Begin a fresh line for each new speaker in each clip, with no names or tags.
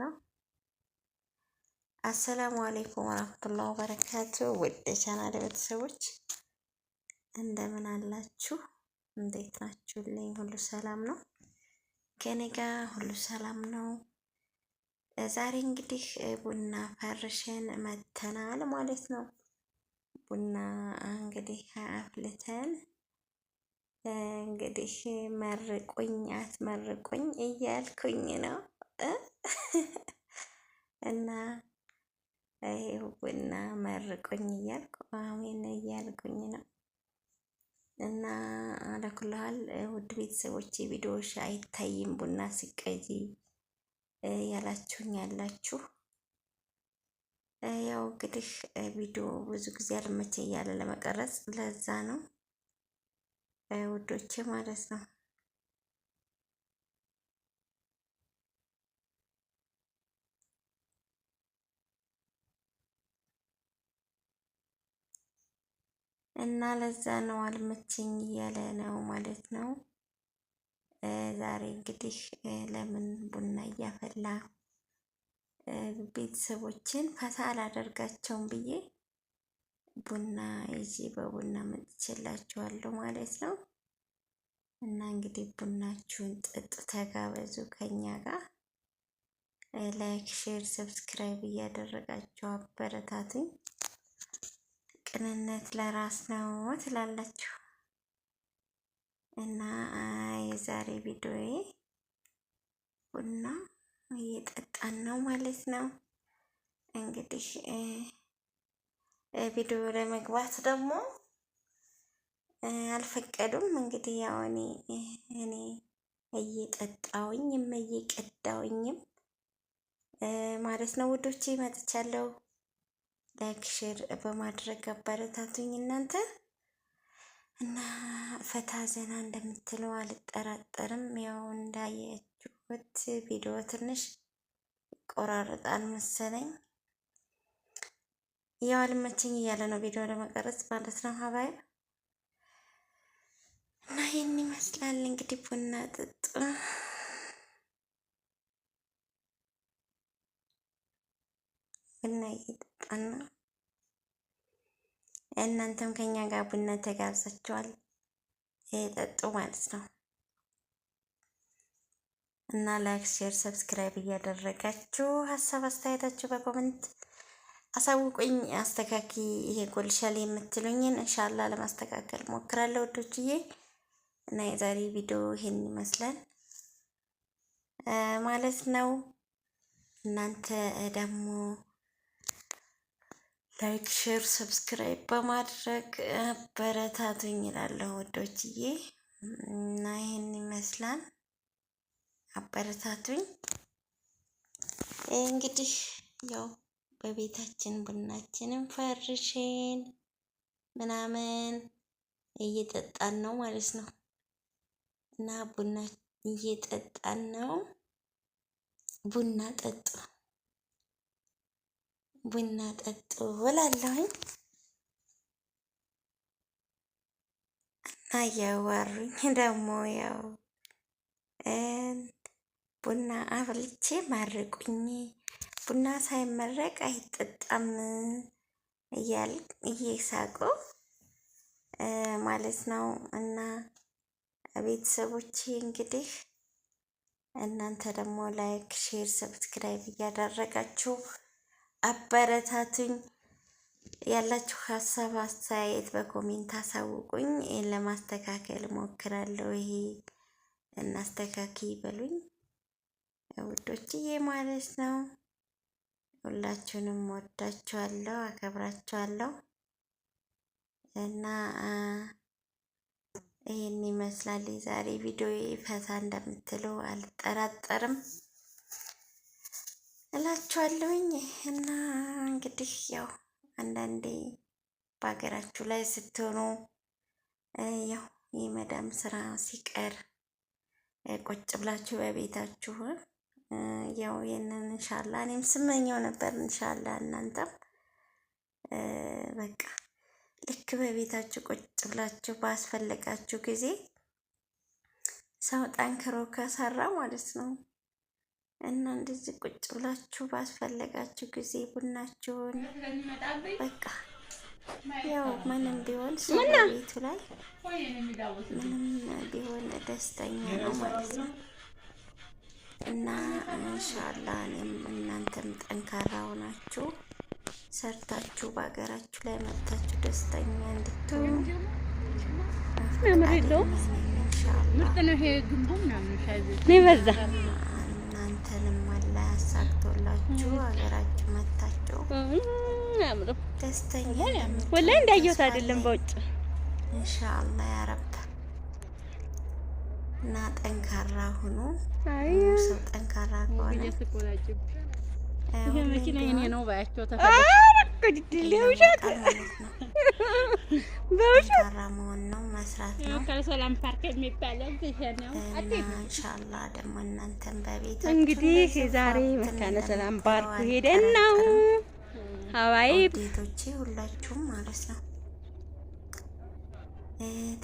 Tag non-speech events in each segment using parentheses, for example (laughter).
ነው። አሰላሙ አሌይኩም ወራህመቱላሂ ወበረካቱ። ውድ የቻናል ቤተሰቦች እንደምን አላችሁ? እንዴት ናችሁልኝ? ሁሉ ሰላም ነው? ከኔ ጋ ሁሉ ሰላም ነው። ዛሬ እንግዲህ ቡና ፈርሽን መተናል ማለት ነው። ቡና እንግዲህ አፍልተን እንግዲህ መርቁኝ አትመርቁኝ እያልኩኝ ነው (laughs) እና ይሄው ቡና መርቁኝ እያልኩ አሜን እያልኩኝ ነው። እና አለኩልሃል ውድ ቤተሰቦች ቪዲዮሽ አይታይም ቡና ሲቀጂ ያላችሁኝ ያላችሁ ያው እንግዲህ ቪዲዮ ብዙ ጊዜ አልመቼ እያለ ለመቀረጽ ለዛ ነው ውዶቼ ማለት ነው። እና ለዛ ነው አልመቸኝ እያለ ነው ማለት ነው። ዛሬ እንግዲህ ለምን ቡና እያፈላ ቤተሰቦችን ፈታ አላደርጋቸውም ብዬ ቡና ይዤ በቡና መጥቼላችኋለሁ ማለት ነው። እና እንግዲህ ቡናችሁን ጠጡ፣ ተጋበዙ ከኛ ጋር። ላይክ፣ ሼር፣ ሰብስክራይብ እያደረጋችሁ አበረታትኝ። ቅንነት ለራስ ነው ትላላችሁ እና የዛሬ ቪዲዮዬ ቡና እየጠጣን ነው ማለት ነው። እንግዲህ ቪዲዮ ለመግባት ደግሞ አልፈቀዱም። እንግዲህ ያው እኔ እኔ እየጠጣውኝም እየቀዳውኝም ማለት ነው ውዶቼ መጥቻለሁ። ላይክ፣ ሼር በማድረግ አበረታቱኝ እናንተ እና ፈታ ዘና እንደምትለው አልጠራጠርም። ያው እንዳያችሁት ቪዲዮ ትንሽ ይቆራረጣል መሰለኝ ያው አልመቸኝ እያለ ነው ቪዲዮ ለመቀረጽ ማለት ነው ሀባይ እና ይህን ይመስላል እንግዲህ ቡና ጥጡ ቡና እየጠጣን ነው። እናንተም ከኛ ጋር ቡና ተጋብዛችኋል፣ ጠጡ ማለት ነው። እና ላይክ፣ ሼር፣ ሰብስክራይብ እያደረጋችሁ ሀሳብ አስተያየታችሁ በኮመንት አሳውቁኝ። አስተካኪ ይሄ ጎልሻል የምትሉኝን እንሻላ ለማስተካከል ሞክራለሁ ወዶችዬ። እና የዛሬ ቪዲዮ ይሄን ይመስላል ማለት ነው። እናንተ ደግሞ ላይክ፣ ሼር፣ ሰብስክራይብ በማድረግ በረታቱኝ እላለሁ ወዶችዬ እና ይህን ይመስላል። አበረታቱኝ። እንግዲህ ያው በቤታችን ቡናችንን ፈርሽን ምናምን እየጠጣን ነው ማለት ነው እና ቡና እየጠጣን ነው። ቡና ጠጡ። ቡና ጠጡ እላለሁኝ እና እያዋሩኝ ደግሞ ያው ቡና አፍልቼ መርቁኝ፣ ቡና ሳይመረቅ አይጠጣም እያል እየሳቁ ማለት ነው እና ቤተሰቦች እንግዲህ እናንተ ደግሞ ላይክ፣ ሼር፣ ሰብስክራይብ እያደረጋችሁ አበረታቱኝ። ያላችሁ ሀሳብ አስተያየት በኮሜንት አሳውቁኝ። ለማስተካከል ሞክራለሁ። ይሄ እናስተካክ ይበሉኝ ውዶችዬ ማለት ነው። ሁላችሁንም ወዳችኋለሁ፣ አከብራችኋለሁ እና ይህን ይመስላል ዛሬ ቪዲዮ። ፈታ እንደምትሉ አልጠራጠርም። እላችኋለሁኝ እና እንግዲህ ያው አንዳንዴ በሀገራችሁ ላይ ስትሆኑ ያው የመዳም ስራ ሲቀር ቁጭ ብላችሁ በቤታችሁ ያው ይህንን እንሻላ እኔም ስመኘው ነበር። እንሻላ እናንተም በቃ ልክ በቤታችሁ ቁጭ ብላችሁ ባስፈለጋችሁ ጊዜ ሰው ጠንክሮ ከሰራ ማለት ነው እና እንደዚህ ቁጭ ብላችሁ ባስፈለጋችሁ ጊዜ ቡናችሁን በቃ ያው ምንም ቢሆን ቤቱ ላይ ምንም ቢሆን ደስተኛ ነው ማለት ነው። እና እንሻላ እኔም እናንተም ጠንካራ ሆናችሁ ሰርታችሁ በሀገራችሁ ላይ መጥታችሁ ደስተኛ እንድትሆኑ
ምርጥ ነው ይሄ ግንቡ ምናምን
አሳግቶላችሁ ሀገራችሁ መታችሁ
ደስተኛ ወላሂ እንዳየሁት አይደለም በውጭ
እንሻአላ ያረብ እና ጠንካራ ሁኑ። ሰው ጠንካራ ከሆነ
ይሄ መኪና የኔ ነው ባያቸው ተፈለግ ነው በውሸት ነው መስራት ነው። ከሰላም ፓርክ የሚባለው ይሄ ነው።
ኢንሻአላህ ደግሞ እናንተን በቤት እንግዲህ
ዛሬ መካነ ሰላም ፓርክ ሄደን ነው ሀዋይ ቤቶቼ ሁላችሁም ማለት ነው።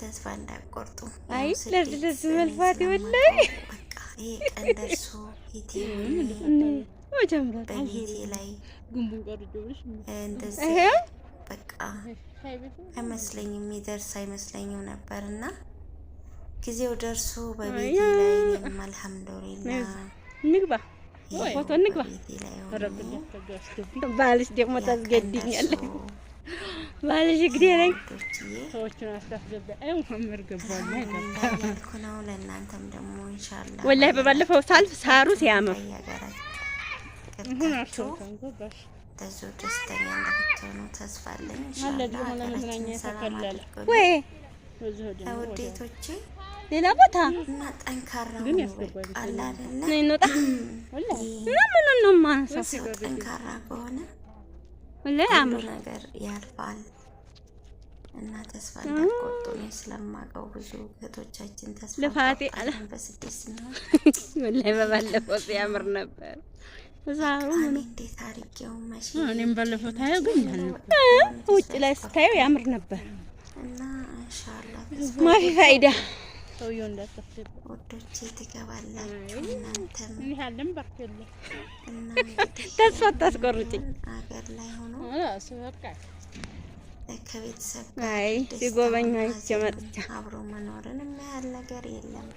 ተስፋ እንዳቆርጡ።
አይ ለዚህ ለዚህ መልፋት ይወላይ በቃ
ይሄ ቀን ደርሶ ኢቲቪ ላይ ግንቡን ቀርጆ እንደዚህ በቃ አይመስለኝም የሚደርስ አይመስለኝም ነበር እና ጊዜው ደርሶ በቤቴ ላይ እኔም አልሐምዱሊላህ
ንግባ ባልሽ ደግሞ ታስገድኛለሽ። ባልሽ ግዴ ላይ ሰዎቹን አስታስገባ ሙሐመድ ገባና ነው። ለእናንተም ደግሞ ኢንሻላህ ወላሂ በባለፈው ሳልፍ ሳሩ ሲያምር እንደዚሁ ደስተኛ እንደምትሆኑ ተስፋ አለኝ። ሀገራችን ውዴቶቼ ሌላ ቦታ እና ጠንካራ ጠንካራ ከሆነ ሁሉ ነገር ያልፋል እና ተስፋ እንዳትቆርጡ ነው ስለማውቀው ብዙ እህቶቻችን ተስፋ በስድስት ነው ወላሂ በባለፈው ሲያምር ነበር። እኔም ባለፈው ታየው ግን ውጭ ላይ ስታየው ያምር ነበር። ማፊ ፋይዳ ሰውየው ተስፋ ታስቆርጭኝ። አይ ሲጎበኝ አይቼ መጥቻ አብሮ መኖርን የሚያህል ነገር የለም።